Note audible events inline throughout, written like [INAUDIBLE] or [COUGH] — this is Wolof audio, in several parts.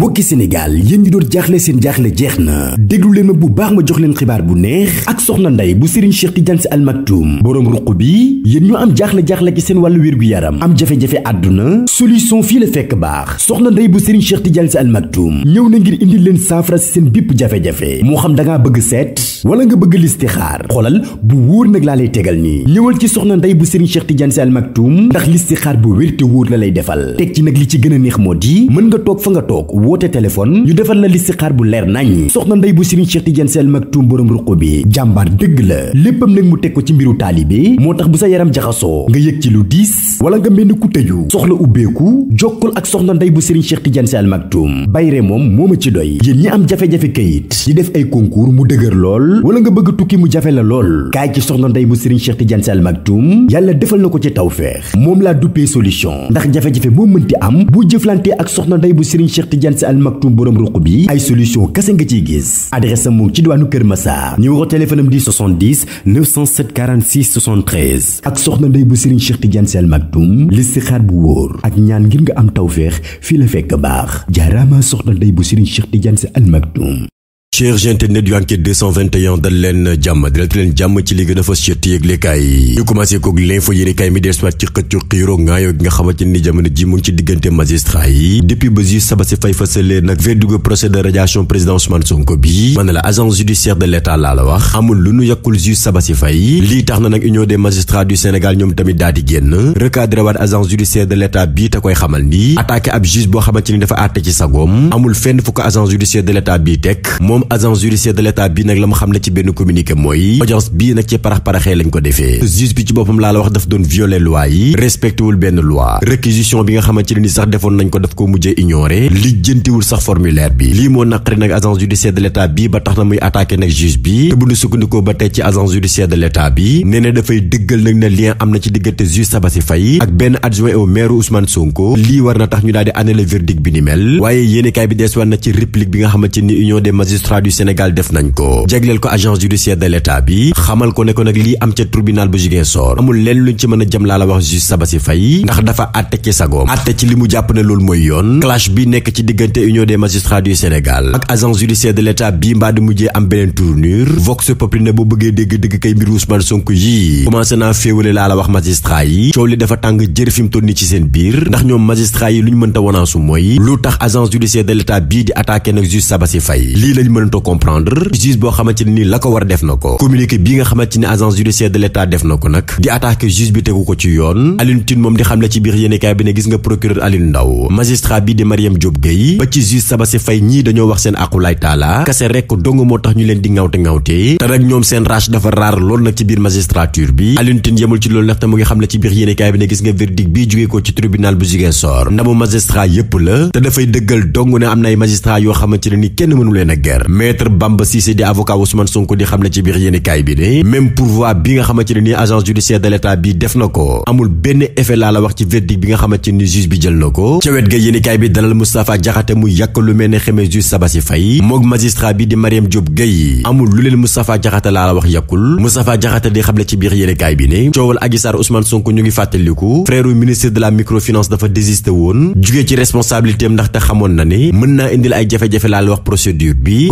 mbokki Sénégal yéen ñi doon jaaxle seen jaaxle jeex na déglu ma bu baax ma jox leen xibaar bu neex ak soxna ndey bu Serigne Cheikh Tidiane Sy Al Maktoum boroom ruq bi yéen ñu am jaaxle-jaaxle ci seen wàllu wér-gu-yaram am jafe-jafe àdduna solution fii la fekk baax soxna ndey bu Serigne Cheikh Tidiane Sy Al Maktoum ñëw na ngir indi leen saafara si seen bépp jafe-jafe moo xam dangaa bëgg seet wala nga bëgg listixaar xoolal bu wóor nag laa lay tegal nii ñëwal ci soxna ndey bu Serigne Cheikh Tidiane Sy Al Maktoum ndax listixaar bu wér te wóor la lay defal teg ci nag li ci gën a neex moo di mën nga toog fa nga toog woote téléphone ñu defal la listixaar bu leer nañ soxna ndey bu Serigne Cheikh Tidiane Sy Al Maktoum borom ruqu bi jàmbaar dëgg la léppam nag mu teg ko ci mbiru taalibe moo tax bu sa yaram jaxasoo nga yëg ci lu diis wala nga mel ni ku tëju soxla ubbeeku jokkul ak soxna ndey bu Serigne Cheikh Tidiane Sy Al Maktoum bayre moom moo ma ci doy yéen ñi am jafe-jafe kayit di def ay concours mu dëgër lool lool wala nga bëgg tukki mu jafe la lool kaay ci soxna ndey bu sëriñ Cheikh Tidiane Sy Al Maktoum yàlla defal na ko ci tawfeex moom laa duppee solution ndax jafe-jafe boo mënti am bu jëflantee ak soxna ndey bu sëriñ Cheikh Tidiane si Al borom ruq bi ay solution kese nga ciy gis adresse am mu ngi ci diwaanu Kër Massar numéro téléphone am di 70 907 46 73 ak soxna ndey bu sëriñ Cheikh Tidiane Sy Al Maktoum listixaar bu wóor ak ñaan ngir nga am tawfeex fii la fekk baax jaaraama soxna ndey bu sëriñ Cheikh Tidiane Sy Al Maktoum chers internet yu enquête dal leen jàmm dalal leen jàmm ci li gën a fas ci yëglekaay yi ñu commencé kook l'info yéenekaay mi dellusiwaat ci xëccu xiiroo ngaayoo gi nga xamante ni jamono ji mu ci diggante magistrat yi depuis ba juge Sabassy Faye fasalee nag verdict procès de radiation président Ousmane Sonko bi mën agence judiciaire de l'État laa wax amul lu nu yàkkul juge Sabassy Faye lii tax na nag union des magistrats du Sénégal ñoom tamit daal génn recadré waat moom agence judiciaire de l'état nag la mu xam ne ci benn communiqué mooy audience bii nag ci parax-paraxee lañ ko defee juge bi ci boppam laa la wax daf doon violer loi yi respectéwul benn loi réquisition bi nga xamante ne ni sax defoon nañ ko daf ko mujjee ignoré lijjantiwul sax formulaire bi lii moo naqari nag agence judiciaire de l'état bii ba tax na muy attaqué nag juge bi te bu ñu sukkandikoo ba tey ci agence judiciaire de l'état bi nee dafay magistrat du Sénégal def nañ ko jegleel ko agence judiciaire de l'état bi xamal ko ne ko lii am ca tribunal bu Ziguinchor amul leen luñ ci mën a jëm laa la wax mooy yoon clash bi nekk ci diggante union des magistrats du Sénégal ak agence judiciaire de l'état bi mbaa di mujjee am beneen tournure vox populi ne bu bëggee dégg-dégg kay mbir Ousmane Sonko yi commencé naa féewale laa la wax magistrat yi coow li dafa tàng jër fi mu toll nii ci seen biir ndax ñoom magistrat yi lu ñu mënta wanaasu mooy lu tax agence judiciaire de l'état bii di attaqué nag juge mënatoo kase rekk dong moo tax ñu leen di ngawte ngawte te nag ñoom seen rage dafa raar lool nag ci biir magistrature bi Alioune yemul ci loolu ndaxte mu ngi xam ci biir yéenekaay bi ne gis nga verdict bii jógee ci tribunal bu Ziguinchor ndamu magistrat yépp la te dafay dëggal dong ne am na ay magistrat yoo xamante ne ni kenn mënu ger maître Bamba Cissé di avocat Ousmane Sonko di xam ne ci biir yéenekaay bi ne même pourvoi bi nga xamante ne nii agence judiciaire de l'État bi def na ko amul benn effet laa la wax ci verdict bi nga xamante ni juge bi jël na ko ca wet ga yéenekaay bi dalal Moustapha Diakhaté mu yàq lu mel ne xeme juge Sabassi Faye moog magistrat bi di Mariam Diop Gueye amul lu leen Moustapha Diakhaté laa la wax yàqul Moustapha Diakhaté di xam ne ci biir yéenekaay bi ne coowal Adji Sarr Ousmane ñu ngi fàttaliku frère ministre de la microfinance dafa désisté woon jugee ci responsabilité ndaxte xamoon na ne mën naa indil ay jafe-jafe wax procédure bi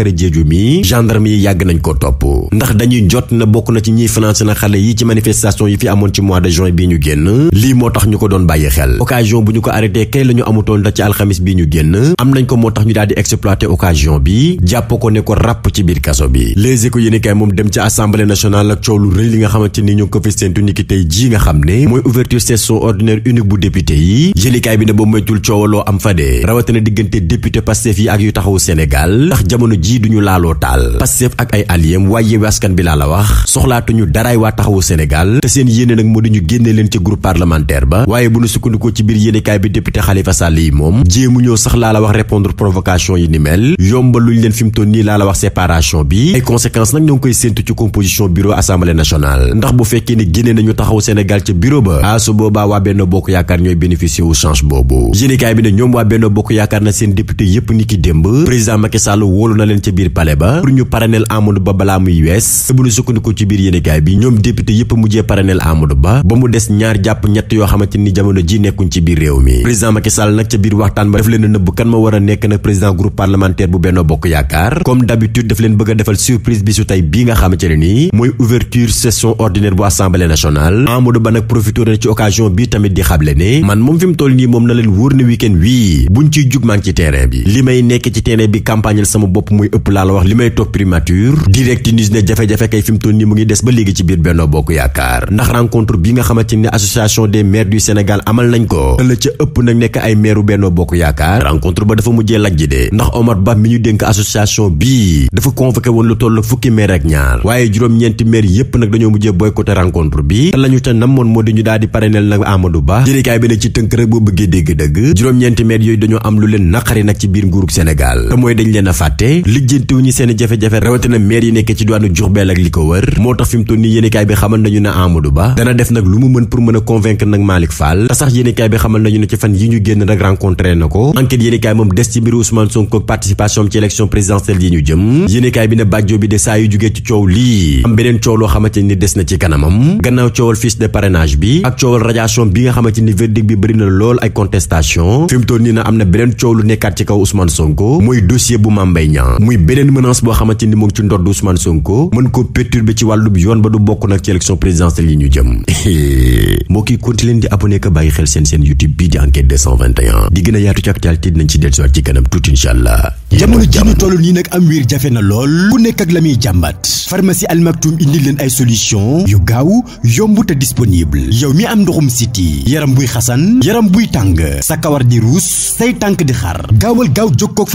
da ci alxamis bi ñu génn am nañ jàpp ko ne ko ràpp ci biir kaso bi Les Échos yéen moom dem ci assemblée nationale ak coow lu rëy li nga xamante ni ñu ko fi seentu ni ki tey ji nga xam ne mooy ouverture session ordinaire unique bu député yi yéenikaay bi ne ba moytul coowaloo am fa de rawatina diggante député Pastef yi ak yu taxawu Sénégal ndax jamono ji jii duñu laaloo taal Pastef ak ay alliés waaye Yewwi Askan bi laa la wax soxlaatuñu daraay waa taxawu Sénégal te seen yéene nag moo di ñu génne leen ci groupe parlementaire ba waaye bu ñu sukkandikoo ci biir yéenekaay bi député Khalifa Sall yi moom jéemu ñoo sax laa la wax répondre provocation yi ni mel yombaluñ leen fi mu nii laa la wax séparation bi ay conséquences nag ñoo ngi koy séentu ci composition bureau assemblée nationale ndax bu fekkee ah, ne génne ca biir pale ba pour ñu paraneel Amadou Ba balaa muy wees te bu ñu sukkandiku ci biir yéenekaay bi ñoom député yépp mujjee paraneel Amadou Ba ba mu des ñaar jàpp ñett yoo xamante ni jamono ji nekkuñ ci biir réew mi président Macky Sall nag ca biir waxtaan ba daf leen a nëbb kan ma war a nekk nag président groupe parlementaire bu Benno Bokk Yaakaar comme d'habitude daf leen bëgg a defal surprise bi su tey bii nga xamante ne nii mooy ouverture session ordinaire bi tamit di xamle man moom fi mu toll nii moom na leen wóor ne week-end wii buñ ciy jug maa ngi ci terrain muy ëpp laa la wax li may toog primature direct news ne jafe-jafe kay fi mu mu ngi des ba léegi ci biir Benno Bokk Yaakaar ndax rencontre bi nga xamante ne association des maires du Sénégal amal nañ ko ëllëg ca ëpp nag nekk ay maireu Benno Bokk Yaakaar rencontre ba dafa mujje laj ji de ndax Omar Ba mi ñu dénk association bi dafa convoqué woon lu toll fukki maire ak ñaar waaye juróom-ñeenti maire yépp nag dañoo mujje boycotté rencontre bi te la ñu ca di ñu daal di parrainel nag Amadou Ba jërikaay bi nag ci tënk rek boo yooyu dañoo am lu leen naqari nag ci biir nguurug Sénégal te mooy dañ leen a lijjanti seen i jafe-jafe rawatina maire yi nekk ci diwaanu Diourbel ak li ko wër moo tax fi mu nii yéenekaay bi xamal nañu ne Amadou Ba dana def nag lu mu mën pour mën a convaincre nag Malick Fall te sax yéenekaay bi xamal nañu ne ci fan yi ñu génn nag rencontré na ko enquête yéenekaay moom des ci mbiru Ousmane Sonko participation ci élection présidentielle yi ñu jëm yéenekaay bi ne bajo bi de saa yu jugee ci coow lii am beneen coow loo xamante ni des na ci kanamam gannaaw coowal fiche de bi ak coowal radiation bi nga xamante ni verdict bi bëri na lool ay contestation fi mu toll nii am na beneen coow lu nekkaat ci kaw Ousmane Sonko mooy dossier bu Mame Mbaye muy beneen menace boo xamante mu ngi ci ndodd Ousmane Sonko mën ko perturber ci wàllub yoon ba du bokk nag ci élection présidentielle yi ñu jëm [LAUGHS] mbokk yi konti leen di abonné ko bàyyi xel seen seen YouTube bii di enquête di gën a yaatu ci actualité dinañ ci dellusiwaat ci kanam tuuti incha allah jamono ji ñu toll nii nag am wiir jafe na lool ku nekk ak la muy jàmbat pharmacie Al Maktoum indi leen ay solution yu gaaw yomb te disponible yow mi am ndoxum siti yaram buy xasan yaram sa kawar di ruus say tànk di xar gaawal gaaw jokkoog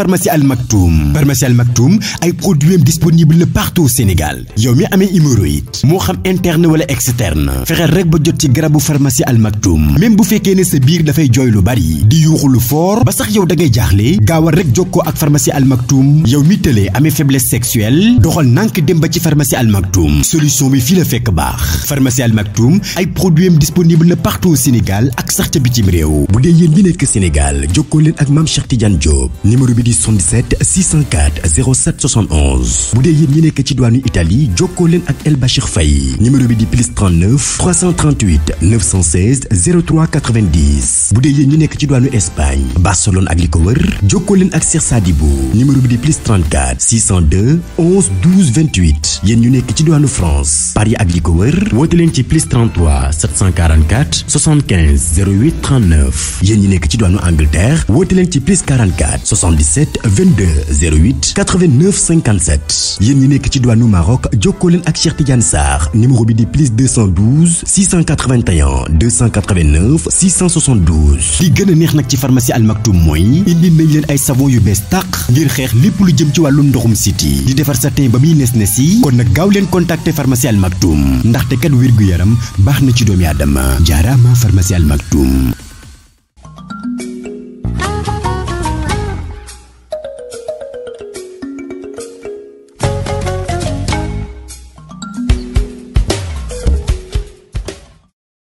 Maktoum ay produits disponible na partout au Sénégal yow mi amee hémorroïde moo xam interne wala externe fexeel rek ba jot ci garabu pharmacie Al Maktoum même bu fekkee ne sa biir dafay jooy lu bari di yuuxu lu fort ba sax yow da ngay jaaxle gaawal rek jokkoo ak pharmacie Al Maktoum yow mi tëlee amee faiblesse sexuelle doxal nank dem ba ci pharmacie Al Maktoum solution bi fii la fekk baax pharmacie Al Maktoum ay produits disponible na partout au ak sax ca bitim réew bu dee yéen ñi nekk Sénégal jokkoo leen ak maam Cheikh Tidiane Diop numéro bi di 77 604 07 71 bu dee yéen ñi nekk ci diwaanu Italie jokkoo leen ak El Bachir Faye numéro bi di plus 39 338 916 03 90 bu dee nekk ci diwaanu Espagne Barcelone ak li ko wër jokkoo leen ak Cheikh Sadibou numéro bi di plus 34 602 11 12 28 yéen ñu nekk ci diwaanu France Paris ak li ko wër woote leen ci plus 33 744 75 08 39 yéen ñi nekk ci diwaanu Angleterre woote leen ci plus 44 77 22 08 89 57 yéen ñi nekk ci diwaanu Maroc jokkoo leen ak Cheikh Tidiane Sarr numéro bi di plus 212 681 289 672 li gën a neex nag ci pharmacie Al Maktoum mooy indi nañ leen ay savon yu bees tàq ngir xeex lépp lu jëm ci wàllum ndoxum siti di defar sa teen ba muy nes nes yi kon nag gaaw leen contacter pharmacie Al Maktoum ndaxte kat wér gu yaram baax na ci doomi aadama jaaraama pharmacie Al Maktoum